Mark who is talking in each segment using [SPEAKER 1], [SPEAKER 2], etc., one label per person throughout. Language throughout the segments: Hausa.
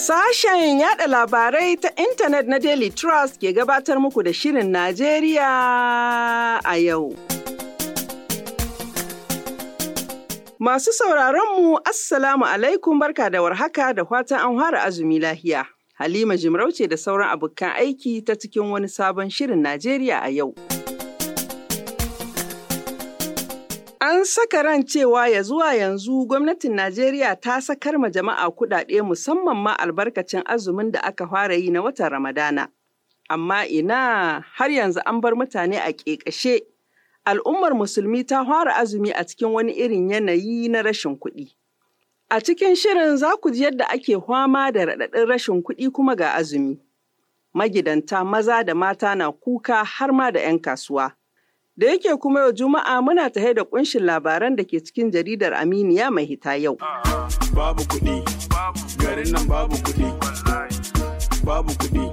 [SPEAKER 1] Sashen yada labarai ta intanet na Daily Trust ke gabatar muku da Shirin Najeriya a yau. Masu sauraronmu, Assalamu alaikum barka da warhaka da fatan an hara azumi lahiya. Halima Jimarauce da sauran abokan aiki ta cikin wani sabon Shirin Najeriya a yau. An saka ran cewa ya zuwa yanzu gwamnatin Najeriya ta sakar ma jama'a kuɗaɗe musamman ma albarkacin azumin da aka fara yi na watan Ramadana. Amma ina har yanzu an bar mutane a ƙeƙashe. Al'ummar musulmi ta fara azumi a cikin wani irin yanayi na rashin kuɗi. A cikin shirin za ku ji yadda ake fama da raɗaɗin rashin kuɗi kuma ga azumi. Magidanta maza da mata na kuka har ma da 'yan kasuwa. Da yake kuma yau Juma'a muna tahe da kunshin labaran da ke cikin jaridar Aminiya mai hita yau.
[SPEAKER 2] Babu kuɗi, garin nan babu kuɗi, babu kuɗi.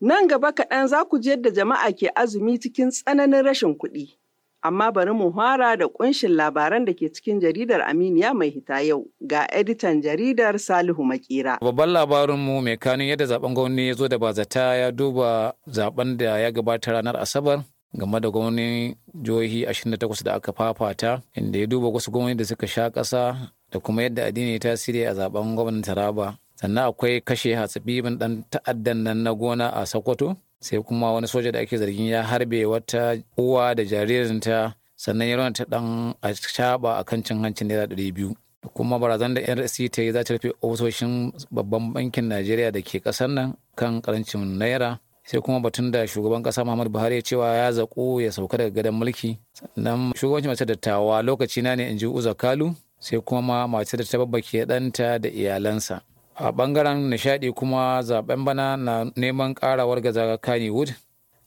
[SPEAKER 1] Nan gaba kaɗan za ku ji yadda jama'a ke azumi cikin tsananin rashin kuɗi. Amma bari mu hara da kunshin labaran da ke cikin jaridar Aminiya mai hita yau ga editan jaridar Salihu Makira.
[SPEAKER 3] Babban labarinmu mai kanin yadda zaben gwamnati ya zo da bazata ya duba zaben da ya gabata ranar Asabar. game da gwamnonin jihohi 28 da aka fafata inda ya duba wasu gwamnoni da suka sha ƙasa da kuma yadda addini tasiri a zaben gwamnan taraba sannan akwai kashe hatsibibin dan ta'addan nan na gona a sokoto sai kuma wani soja da ake zargin ya harbe wata uwa da jaririnta sannan ya ta dan a shaba a kan cin hancin naira ɗari biyu kuma barazan da nrc ta yi za ta rufe ofisoshin babban bankin najeriya da ke ƙasar nan kan karancin naira sai kuma batun da shugaban kasa muhammadu buhari ya cewa ya zaƙu ya sauka daga gadon mulki sannan shugabancin mace dattawa lokaci na ne in ji uza kalu sai kuma mace da ta babbake ɗanta da iyalansa a bangaren nishaɗi kuma zaɓen bana na neman karawar gaza wood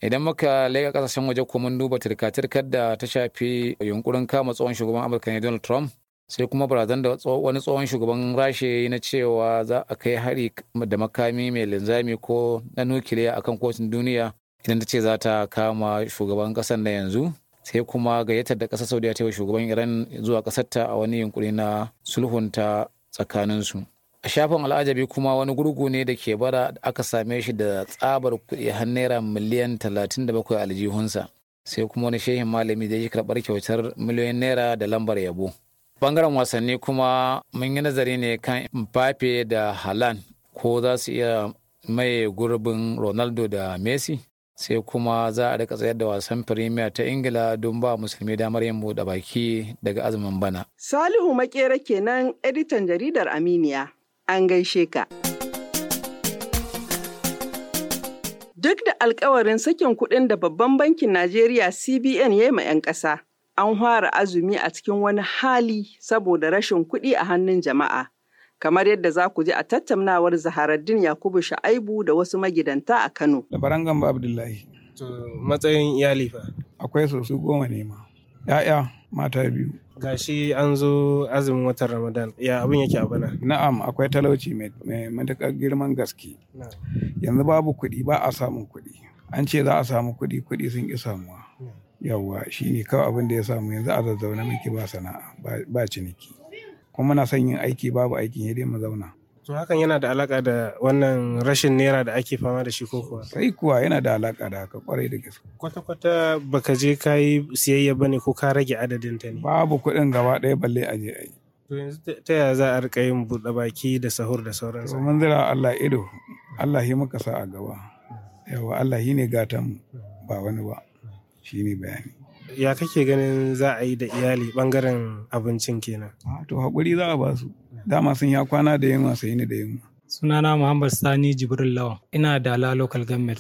[SPEAKER 3] idan muka leka ƙasashen waje kuma mun duba tirka-tirkar da ta shafi yunkurin kama tsohon shugaban amurka ne donald trump sai kuma barazan da wani tsohon shugaban rashe na cewa za a kai hari da makami mai linzami ko na nukiliya akan kotun duniya idan ta ce za ta kama shugaban kasar na yanzu sai kuma gayyatar da kasar saudiya ta yi shugaban iran zuwa kasarta a wani yunkuri na sulhunta tsakaninsu a shafin al'ajabi kuma wani gurgu ne da ke bara aka same shi da tsabar kuɗi har naira miliyan talatin da bakwai aljihunsa sai kuma wani shehin malami da ya karɓar kyautar miliyoyin naira da lambar yabo bangaren wasanni kuma mun yi nazari ne kan Mbappe da Halan ko za su iya mai gurbin Ronaldo da Messi sai kuma za a rika tsayar da wasan firimiya ta Ingila don ba musulmi damar yin buɗe baki daga azumin bana.
[SPEAKER 1] Salihu Makera kenan editan jaridar Aminiya. An gaishe ka. Duk da alkawarin sakin kuɗin da babban bankin Najeriya CBN ya yi ma 'yan ƙasa, an fara azumi a cikin wani hali saboda rashin kuɗi a hannun jama'a. kamar yadda za ku ji a tattaunawar zaharaddin yakubu sha'aibu da wasu magidanta a kano barangan ba abdullahi
[SPEAKER 2] to matsayin iyali fa akwai sosu goma ne ma ya'ya mata biyu gashi an zo azumin watan ramadan ya abin yake a bana na'am akwai talauci mai matuƙar girman gaske yanzu babu kuɗi ba a samun kuɗi an ce za a samu kuɗi kuɗi sun ƙi samuwa yawwa shi ne kawai abin da ya samu yanzu a zazzauna muke ba sana'a ba ciniki kuma muna son yin aiki babu aiki ya dai mu zauna to hakan yana da alaka da wannan rashin naira da ake fama da shi ko kuwa sai kuwa yana da alaka da haka kwarai da gaske kwata kwata baka je kayi siyayya bane ko ka rage adadin ta ne babu kuɗin gaba ɗaya balle a je to yanzu ta yaya za a rika yin buɗe baki da sahur da sauransu mun zira Allah ido Allah yi muka sa a gaba yawa Allah yi ne gatan ba wani ba shi ne bayani ya kake ganin za a yi da iyali bangaren abincin kenan ah, to haƙuri za a ba su dama sun ya kwana da yunwa sai ni da yunwa
[SPEAKER 4] sunana muhammad sani jibril lawan ina da la local government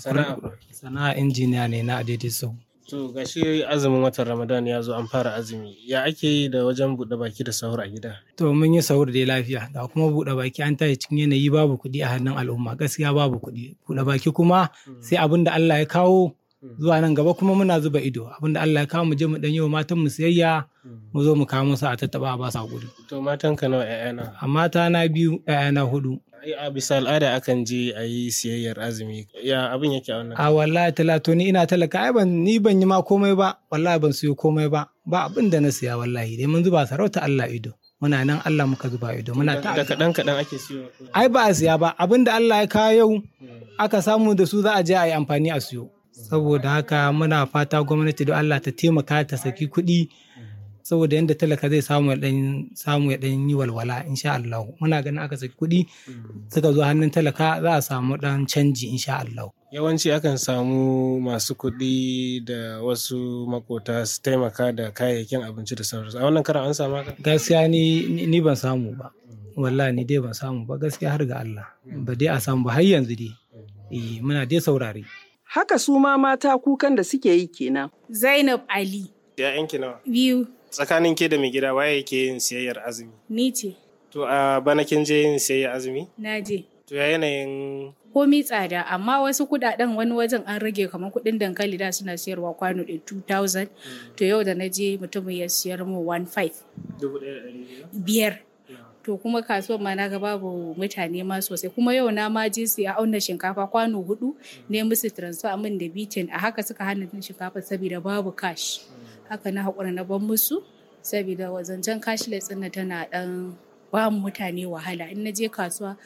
[SPEAKER 4] sana'a injiniya ne na so
[SPEAKER 2] to gashi azumin watan ramadan ya zo an fara azumi ya ake yi da wajen buɗe baki da sahur a gida
[SPEAKER 4] to mun yi sahur dai lafiya da kuma buɗe baki an tashi cikin yanayi babu kuɗi a hannun al'umma gaskiya babu kuɗi buɗe baki kuma hmm. sai abin da allah ya kawo Mm. zuwa nan gaba kuma muna zuba ido abinda Allah ya kawo mu je mu dan yi wa matan mu siyayya mm. mu zo mu kawo musu a tattaba ba sa gudu
[SPEAKER 2] to matan ka nawa ƴaƴa na
[SPEAKER 4] a mata na biyu ƴaƴa na hudu
[SPEAKER 2] a bisa al'ada akan je a yi siyayyar azumi ya abin yake a wannan a
[SPEAKER 4] wallahi talato ni ina talaka ai ban ni ban yi ma komai ba wallahi ban siyo komai ba ba abin da na siya wallahi dai mun zuba sarauta Allah ido muna nan Allah muka zuba ido muna ta da kadan
[SPEAKER 2] kadan ake siyo
[SPEAKER 4] ai ba a siya ba abin da Allah ya kawo yau mm. aka samu da su za a je a yi amfani a siyo saboda haka muna fata gwamnati da Allah ta taimaka ta saki kuɗi saboda yadda talaka zai samu ya ɗan yi walwala insha Allah muna ganin aka saki kuɗi suka zo hannun talaka za a samu ɗan canji insha Allah
[SPEAKER 2] yawanci akan samu masu kuɗi da wasu makota su taimaka da kayayyakin abinci da sauransu a wannan karan an samu haka
[SPEAKER 4] gaskiya ni ni ban samu ba wallahi ni dai ban samu ba gaskiya har ga Allah ba dai a samu ba har yanzu dai eh muna dai saurare
[SPEAKER 1] Haka su ma mata kukan da suke yi kenan. Zainab Ali.
[SPEAKER 2] yanki nawa? Biyu. Tsakanin ke da mai gida waye ke yin siyayyar azumi? Ni ce. To a bana kin je yin siyayyar azumi? Na je. To ya yanayin
[SPEAKER 5] komi tsada amma wasu kuɗaɗen wani wajen an rage kamar kuɗin dankali da suna siyarwa kwano ɗin 2000 hmm. to yau da na je mutumin ya siyar mu ɗari biyar to kuma kasuwar ma na ga babu mutane ma sosai kuma yau na ma je su a auna shinkafa kwano hudu ne musu transfer min da bitin a haka suka hana shinkafa saboda babu cash haka na haƙura na ban musu saboda zancen cashless ɗin tana dan ba mutane wahala in na je kasuwa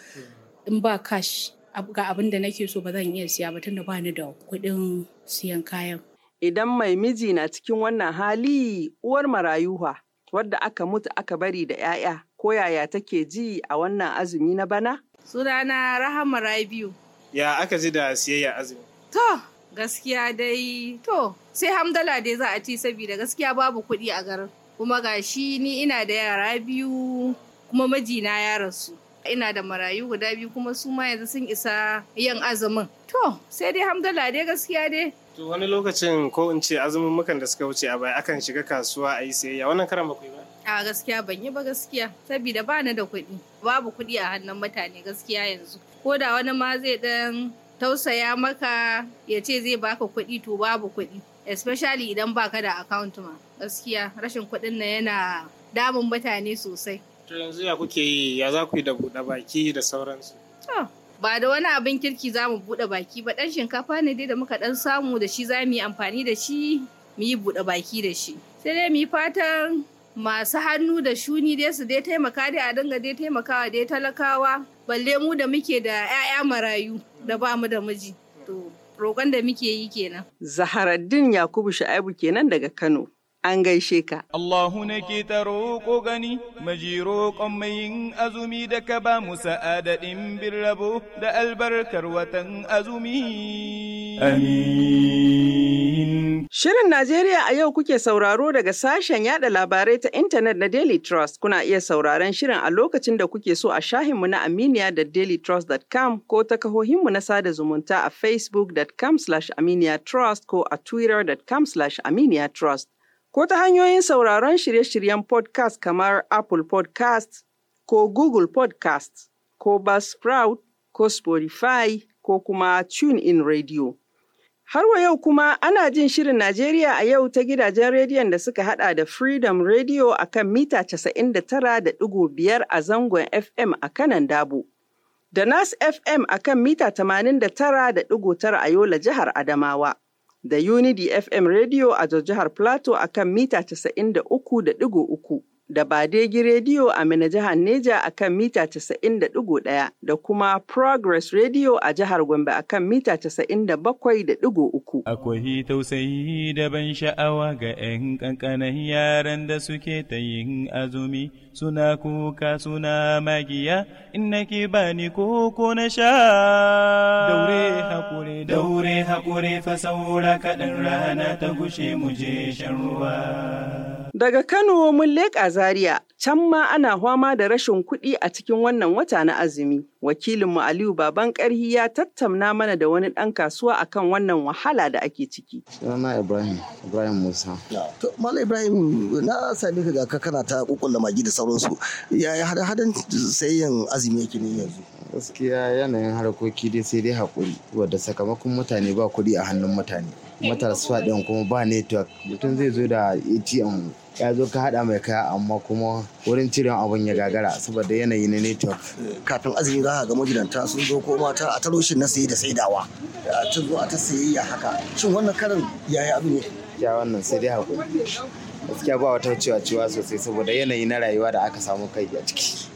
[SPEAKER 5] in ba cash ga abin da nake so ba zan iya siya ba tunda bani da kuɗin
[SPEAKER 1] siyan kayan. Idan mai miji na cikin wannan hali uwar marayuwa wadda aka mutu aka bari da 'ya'ya ko yaya take ji a wannan azumi na bana?
[SPEAKER 5] Sunana Rahama Rabiu.
[SPEAKER 2] Ya aka ji da siyayya azumi?
[SPEAKER 1] To,
[SPEAKER 5] gaskiya dai to sai hamdala dai za a ci saboda gaskiya babu kuɗi a garin. Kuma ga shi ni ina da yara biyu kuma majina ya rasu. Ina da marayu guda biyu kuma su ma yanzu sun isa yin azumin. To, sai dai hamdala dai gaskiya dai
[SPEAKER 2] To wani lokacin ko in ce azumin mukan da suka wuce a baya akan shiga kasuwa a yi sayayya wannan karan bakwai ba.
[SPEAKER 5] A gaskiya ban yi ba gaskiya, saboda ba na da kuɗi. Babu kuɗi a hannun mutane gaskiya yanzu. Ko da wani ma zai ɗan tausaya maka ya ce zai baka kuɗi to babu kuɗi. Especially idan baka da account ma. Gaskiya rashin kuɗin na yana damun mutane sosai.
[SPEAKER 2] To yanzu ya kuke yi, ya za ku yi da buɗe baki da sauransu.
[SPEAKER 5] ba da wani abin kirki za mu buɗe baki ba ɗan shinkafa ne dai da muka ɗan samu da shi za mu yi amfani da shi mu yi buɗe baki da shi sai dai mu yi fatan masu hannu da shuni dai su dai taimaka dai a dinga dai taimakawa dai talakawa balle mu da muke da 'ya'ya marayu da ba mu da miji to roƙon da muke
[SPEAKER 4] yi kenan
[SPEAKER 1] zaharaddin yakubu sha'ibu kenan daga kano an gaishe ka. Allahu
[SPEAKER 4] na ke taro ko gani, maji roƙon mayin azumi da ka ba mu sa'adadin bin rabo da albarkar watan azumi.
[SPEAKER 1] Amin. Shirin Najeriya a yau kuke sauraro daga sashen yada labarai ta intanet na Daily Trust. Kuna iya sauraron shirin a lokacin da kuke so a shahinmu na Aminiya da dailytrust.com ko ta kahohinmu na sada zumunta a facebook.com/aminiya trust ko a twitter.com/aminiya trust. ko ta hanyoyin sauraron shirye-shiryen podcast kamar Apple podcast ko Google podcast ko Buzzsprout ko Spotify ko kuma TuneIn Radio. Har wa yau kuma ana jin shirin Najeriya a yau ta gidajen rediyon da suka hada da Freedom Radio a kan mita 99.5 a zangon FM a kanan Dabo. Da Nas FM a kan mita 89.9 a Yola jihar Adamawa. da Unity FM Radio a jihar Plateau a kan mita 93.3. da Badegi Radio a Mina jihar Neja a kan mita 90.1 da kuma Progress Radio a jihar Gombe a kan mita 97.3.
[SPEAKER 4] Akwai tausayi da ban sha'awa ga 'yan ƙanƙanan yaran da suke ta yin azumi suna kuka suna magiya in nake bani koko na sha. Daure hakure daure hakure fa saura kaɗan rana ta gushe mu je shan ruwa.
[SPEAKER 1] Daga Kano mun leƙa Zaria, can ma ana fama da rashin kuɗi a cikin wannan wata na azumi. Wakilinmu Aliyu Baban Ƙarhi ya tattauna mana da wani ɗan kasuwa akan wannan wahala da ake ciki.
[SPEAKER 6] Sunana Ibrahim, Ibrahim Musa. To, Mala Ibrahim, na sami
[SPEAKER 7] ka ga kana ta kukulla magi da sauransu. Yaya hada-hadan sayayyan azumi yake ne yanzu?
[SPEAKER 6] Gaskiya yanayin harkoki dai sai dai haƙuri, wadda sakamakon mutane ba kuɗi a hannun mutane. Matasa ɗin kuma ba network, mutum zai zo da ATM ya zo ka haɗa mai kaya amma kuma wurin cirewa abun ya gagara saboda yanayi na network kafin azumi za ka ga majidanta sun zo ko mata a taloshin na sayi da saidawa a ta zo a ta sayayya haka shin wannan karin yaya abu ne ya wannan sai dai hakuri gaskiya ba wata cewa cewa sosai saboda yanayi na rayuwa da aka samu kai a ciki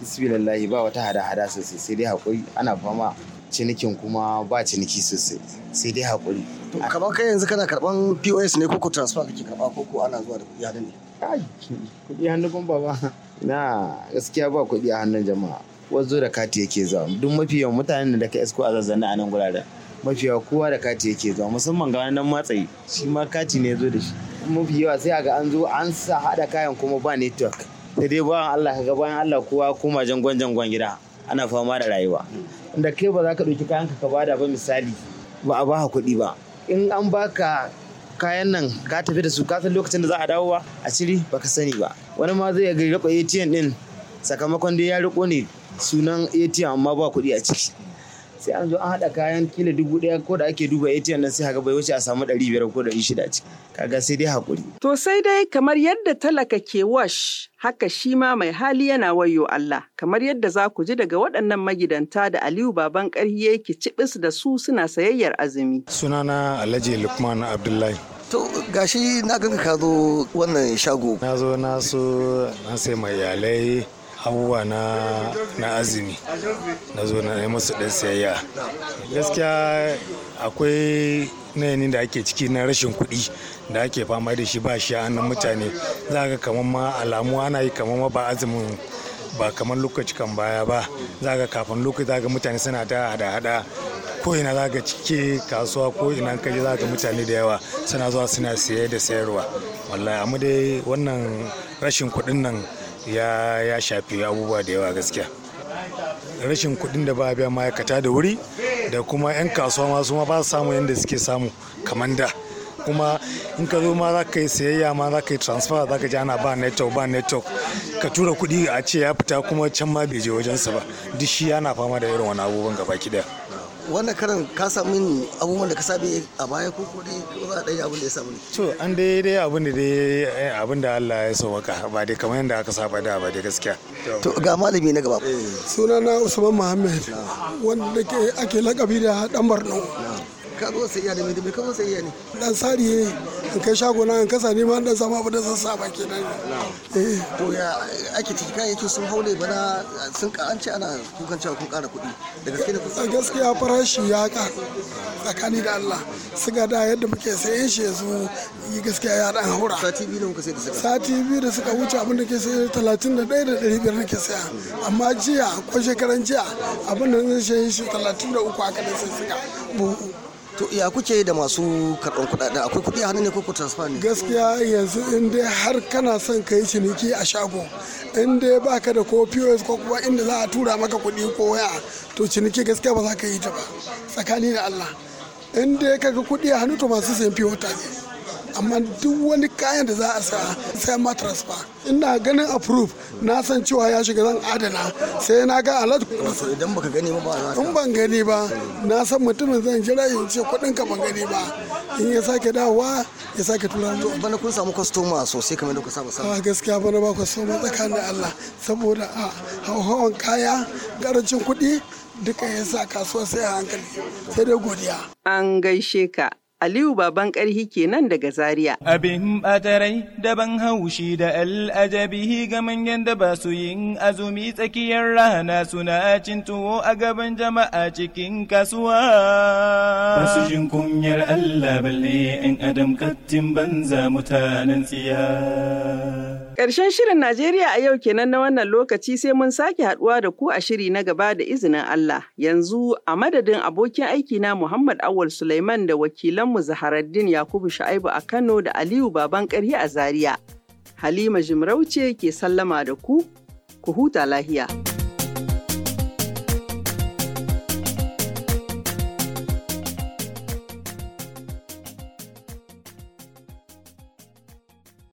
[SPEAKER 6] bismillah ba wata hada-hada sosai sai dai haƙuri ana fama cinikin kuma ba ciniki sosai sai dai haƙuri kamar kai yanzu kana karban POS ne koko transfer kake karba koko ana zuwa da kuɗi hannu ne kudi kuɗi hannu kun na gaskiya ba kuɗi a hannun jama'a wazo da kati yake zuwa duk mafi yawan mutanen da kai isko a zazzana a nan guraren mafi yawa kowa da kati yake zuwa musamman ga wannan matsayi shi ma kati ne zo da shi mafi yawa sai ga an zo an sa hada kayan kuma ba network sai dai bayan Allah ka bayan Allah kowa kuma jangon jangon gida ana fama da rayuwa inda kai ba za ka ɗauki kayan ka ba bada ba misali ba a ba kuɗi ba in an baka kayan nan ka tafi da su ka san lokacin da za a dawo ba a ciri baka sani ba wani ma zai ga riko ATM din sakamakon dai ya riko ne sunan ATM amma ba kuɗi a ciki sai an zo an haɗa kayan kila dubu ɗaya ko da ake duba ATM nan sai haka bai wuce a samu ɗari biyar ko ɗari shida ciki kaga sai dai hakuri.
[SPEAKER 1] To sai dai kamar yadda talaka ke wash haka shi ma mai hali yana wayo Allah kamar yadda za ku ji daga waɗannan magidanta da Aliyu Baban Ƙarhi yake cibis da su suna sayayyar azumi.
[SPEAKER 8] Sunana Alhaji Lukman Abdullahi. To gashi na ganka ka zo wannan shago. Na zo na so na sai mai iyalai abubuwa na azumi na zo na musu ɗan sayayya gaskiya akwai yanayin da ake ciki na rashin kuɗi da ake fama da shi ba shi a hannun mutane za ga kamar ma alamu ana yi kamar ma ba azumin ba kamar lokaci kan baya ba za ga kafin lokaci za ga mutane suna ta hada-hada ko ina za ga cike kasuwa ko ina ka za ga mutane da yawa suna zuwa suna saye da sayarwa wallahi amma dai wannan rashin kuɗin nan ya shafi abubuwa da yawa gaskiya rashin kuɗin da ba a biya ma'aikata da wuri da kuma 'yan kasuwa masu ma ba su samu yadda suke samu kamar da kuma in ka zo ma za ka yi sayayya ma za ka yi transfer za ka ji ana ba network ba network ka tura kuɗi a ce ya fita kuma can ma bai je wajensa ba duk shi yana fama da irin wani abubuwan gaba ki daya
[SPEAKER 7] wannan karan ka samu abubuwan da ka sabe a baya ko dai ko za a ɗaya abin da ya samu
[SPEAKER 8] to an dai dai abin da dai eh, abin da Allah ya sauwaka ba dai kamar yadda aka saba da ba dai gaskiya
[SPEAKER 7] to ga malami na gaba eh, sunana Usman Muhammad wanda ake lakabi da dan barno. ka zo sai iya da mai ka zo sai iya ne dan sari ne eh, in kai shago na in kasa ne ma dan zama ba da sassa ba kenan eh to ya ake ciki kayayyakin sun haule bana sun ka an ce ana kukan cewa kun kara kuɗi da gaske da kusa gaskiya farashi ya ka tsakani da Allah suka da yadda muke sayen shi yanzu gaskiya ya dan haura sati biyu da muka sai da suka sati biyu da suka wuce abin da ke sai 31 da 500 nake saya amma jiya ko shekaran jiya abin da zai shi talatin da 33 aka da sai suka buhu to ya kuke da masu karɓar kuɗaɗe akwai kuɗi a hannu ne ko transfer ne gaskiya yanzu in dai har kana son ka yi ciniki a shago in dai baka da ko POS ko kuma inda za a tura maka kuɗi ko waya to ciniki gaskiya ba za ka yi ta ba tsakani da Allah in dai ka ga kuɗi a hannu to masu sayan fiye wata ne amma duk wani kayan da za a sa sai matras ba ina ganin approve na san cewa ya shiga zan adana sai na ga alat idan baka gani ba in ban gani ba na san mutumin zan jira in ce kudin ka ban gani ba in ya sake dawowa ya sake tura to bana kun samu kwastoma sosai kamar da ku saba samu a gaskiya bana ba kwastoma tsakanin Allah saboda a hauhawan kaya garancin
[SPEAKER 1] kuɗi duka ya sa kasuwar sai a hankali sai dai godiya an gaishe ka Aliyu baban ƙarhi nan daga Zaria.
[SPEAKER 4] Abin ɓatarai da ban haushi da al'ajabihi ga manyan da ba su yi azumi tsakiyar rana suna cin tuwo a gaban jama'a cikin kasuwa. Ba jin kunyar Allah balle ‘yan adam kattin banza mutanen tsiya.
[SPEAKER 1] Ƙarshen shirin Najeriya a yau kenan na wannan lokaci sai mun sake haduwa da ku a shiri na gaba da izinin Allah. Yanzu a madadin abokin aiki na Muhammad Awal Sulaiman da wakilanmu Zaharaddin Yakubu Shaibu a Kano da Aliyu Baban Ƙarhi a Zaria. Halima Jimarauce ke sallama da ku, ku huta lahiya.